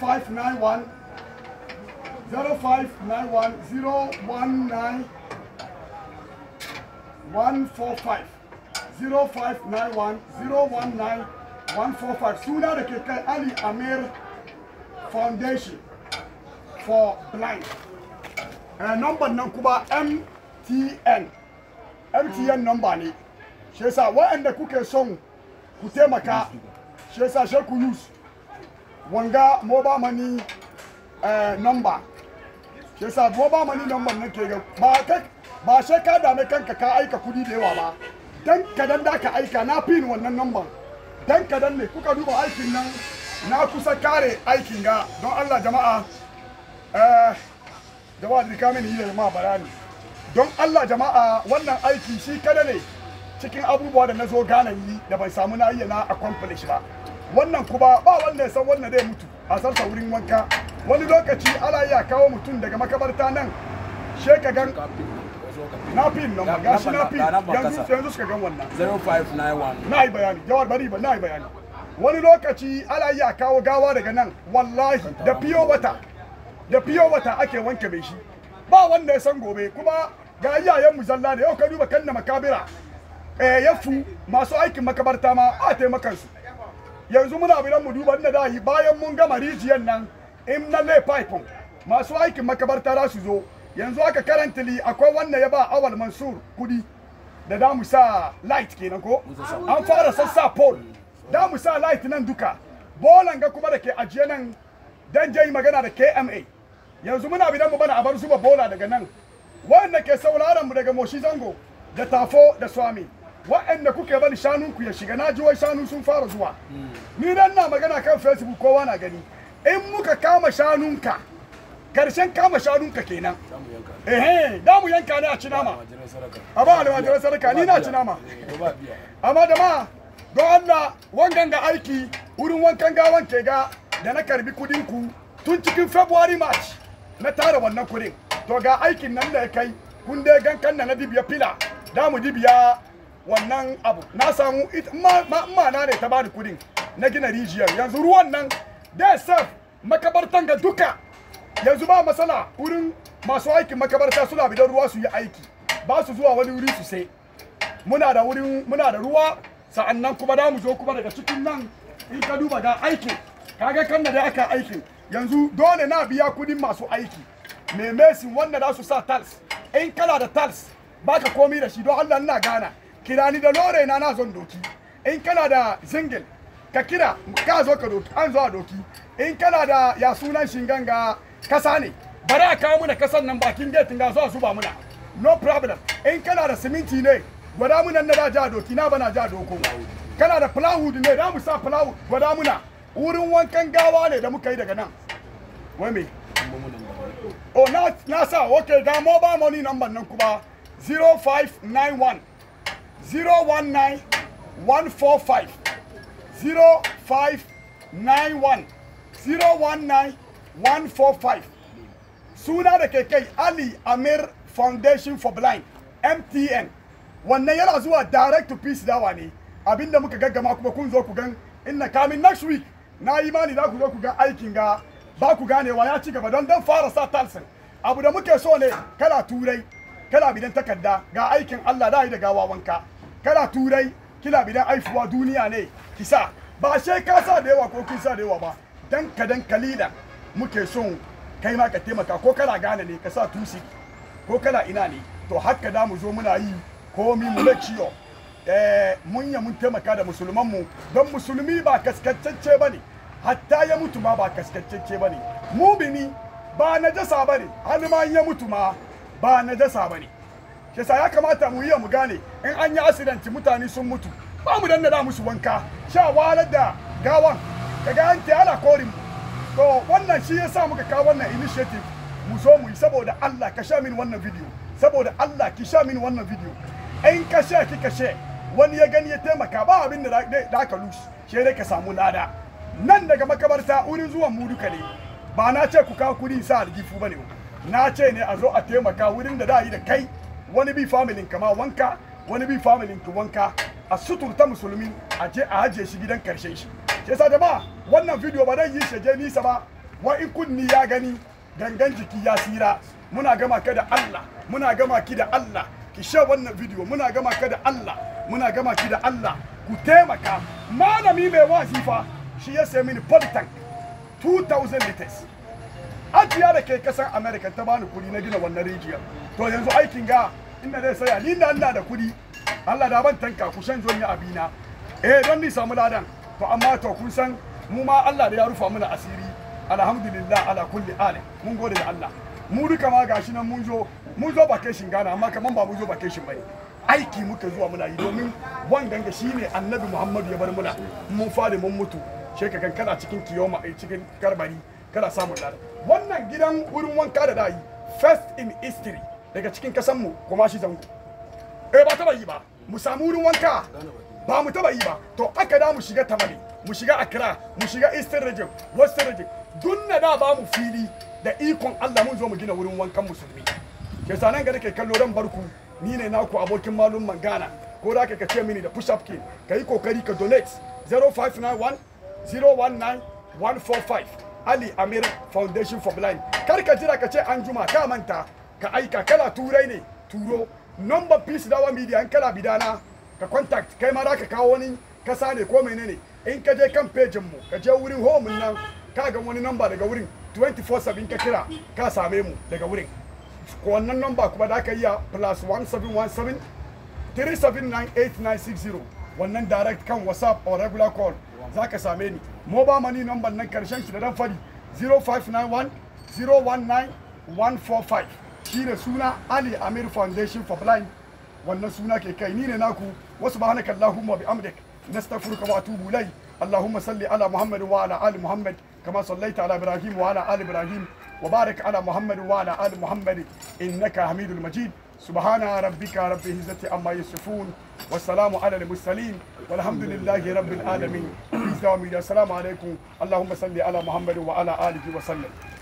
0591 019 145 0591 019 145 suna da ke Ali Amir Foundation for Blind. Uh, number nan kuma MTN. MTN number ne. Shi yasa waɗanda kuke son ku taimaka, shi yasa shi ku use. wanga mobile money eh, number shi yasa mobile money number nan ke ba ka ba sai ka dame kanka ka aika kudi da yawa ba dan kadan da ka aika na pin wannan number dan kadan ne kuka duba aikin nan na kusa kare aikin ga don Allah jama'a eh jama'a da kamin yi da jama'a barani don Allah jama'a wannan aiki shi kada ne cikin abubuwa da na zo gane yi da bai samu na yi na accomplish ba wannan kuma ba wanda ya san wannan zai mutu a sarsa wurin wanka wani lokaci ala ya kawo mutum daga makabarta nan shekagan na fin nan ga shi na fin yanzu yanzu suka gan wannan 0591 na yi bayani jawar bari ba na yi bayani wani lokaci ala ya kawo gawa daga nan wallahi da fiyo wata da fiyo wata ake wanke mai shi ba wanda ya san gobe kuma ga iyayen mu zalla da yau ka duba kan na makabira eh yafu masu aikin makabarta ma a taimaka su yanzu muna biran mu duba inda dahi bayan mun gama rijiyar nan in na le pipe masu aikin makabarta za su zo yanzu aka currently akwai wanda ya ba awal mansur kudi da da mu sa light kenan ko an fara sassa pole da mu sa light nan duka bolan ga kuma da ke ajiye nan dan je magana da KMA yanzu muna bidan mu bana abar bar zuba bola daga nan wanda ke sauraron mu daga Moshi Zango da Tafo da Swami waɗanda kuke bani shanunku ya shiga na ji wai shanu sun fara zuwa ni nan na magana kan facebook kowa na gani in muka kama shanunka karshen kama shanunka kenan eh da mu yanka ne a ci nama a ba almajiran sadaka ni na ci nama amma da ma don Allah wangan ga aiki wurin wankan gawan ke ga da na karbi kudin ku tun cikin february march na tara wannan kudin to ga aikin nan da ya kai kun dai gankan na na dibiya pila da mu dibiya wannan abu na samu ma na ne ta bani kudin na gina rijiyar yanzu ruwan nan da saf makabartan ga duka yanzu ba matsala wurin masu aikin makabarta suna bidan ruwa su yi aiki ba su zuwa wani wuri su sai muna da wurin muna da ruwa sa'annan kuma da mu zo kuma daga cikin nan in ka duba ga aikin kaga kan da aka aiki. yanzu dole na biya kudin masu aiki me mesin wanda za su sa tals in kala da tals baka komi da shi don Allah ina gana kirani da lore na na zon doki in kana da zingil ka kira ka zo ka doki an zo a doki in kana da ya sunan shinganga kasa ne bari a kawo muna kasan nan bakin gate ga zo a zuba muna no problem in kana da siminti ne gwada muna na da ja doki na bana ja doko kana da plywood ne da mu sa plywood gwada muna wurin wankan gawa ne da muka yi daga nan wai me oh na na sa okay da mobile money number nan kuma 0591 019145 suna da ke kai ali amir foundation for blind mtn wannan yana zuwa direct to peace dawa ne abinda muka gaggama kuma kun zo ku gan inna kamin next week na imani za ku zo ku ga aikin ga ba ku ganewa ya ci gaba don dan fara sa talsin abu da muke so ne kala turai kala bidan takarda ga aikin Allah da yi da gawa wanka. kada turai kila bidan aifuwa duniya ne kisa ba sai ka sa da yawa ko kin sa da yawa ba dan ka kadan kalila muke son kai ma ka taimaka ko kana gane ne ka sa tusi ko kana ina ne to haka da mu zo muna yi komi mu na ciyo eh mun ya mun taimaka da musulman mu dan musulmi ba kaskantacce bane hatta ya mutu ma ba kaskantacce bane ni ba najasa bane har ma ya mutu ma ba najasa bane yasa ya kamata mu yi mu gane in an yi accident mutane sun mutu ba mu danna da musu wanka sha walar da gawan ka an ta ala korin to wannan shi yasa muka kawo wannan initiative mu zo mu yi saboda Allah ka sha min wannan video saboda Allah ki sha min wannan video in ka sha ki ka sha wani ya gani ya taimaka ba abin da da ka lushi shi dai ka samu lada nan daga makabarta wurin zuwan mu duka ne ba na ce ku kawo kudi sa algifu bane na ce ne a zo a taimaka wurin da da yi da kai wani bi familin kama wanka wani bi familin ki wanka a suturta musulmi a je a haje shi gidan karshe shi sai sa jama'a wannan video ba dan yi shaje nisa ba wa in kunni ya gani gangan jiki ya sira muna gama ka da Allah muna gama ki da Allah ki sha wannan video muna gama ka da Allah muna gama ki da Allah ku taimaka malami mai wazifa shi ya sai mini politan 2000 liters ajiya da ke kasar america ta bani kuɗi na gina wannan rijiyar to yanzu aikin ga inda zai saya ni da Allah da kudi Allah da ban tanka ku san zon yi abina eh don ni samu ladan to amma to kun san mu ma Allah da ya rufa mana asiri alhamdulillah ala kulli ali mun gode da Allah mu duka ma gashi nan mun zo mun zo vacation gana amma kaman ba mun zo vacation bane aiki muka zuwa muna yi domin wanda ga shine annabi Muhammadu ya bar muna mun fadi mun mutu kan kana cikin kiyoma ai eh, cikin karbari kana samun ladan wannan gidan wurin wanka da dayi first in history daga cikin kasan mu kuma shi zanku eh ba taba yi ba mu samu wurin wanka ba mu taba yi ba to aka da mu shiga tamale mu shiga akra mu shiga eastern region western region duk na da ba mu fili da ikon Allah mun zo mu gina wurin wankan musulmi ke sanan ga nake kallo dan barku ni ne naku abokin malum mangana ko da ka ce mini da push up ke kai kokari ka donate 0591 019 145 Ali Amir Foundation for Blind kar ka jira ka ce an juma ka manta ka aika kala turai ne turo number peace dawa media an kala bidana ka contact kai ma da ka kawo wani kasa ne ko ne in ka je kan pejin mu ka je wurin home nan ka ga wani number daga wurin 24/7 ka kira ka same mu daga wurin ko wannan number kuma da ka iya plus 1717 3798960 wannan direct kan whatsapp or regular call za ka same ni mobile money number nan karshen shi da dan fari 0591 019 145 shine suna Ali Amir Foundation for Blind wannan suna ke kai ni ne naku wasu bahanaka Allahumma bi amdik nastaghfiruka wa atubu ilai Allahumma salli ala Muhammad wa ala ali Muhammad kama sallaita ala Ibrahim wa ala ali Ibrahim wa barik ala Muhammad wa ala ali Muhammad innaka Hamidul Majid سبحان ربك رب العزة عما يصفون والسلام على المرسلين والحمد لله رب العالمين السلام عليكم اللهم صل على محمد وعلى آله وسلم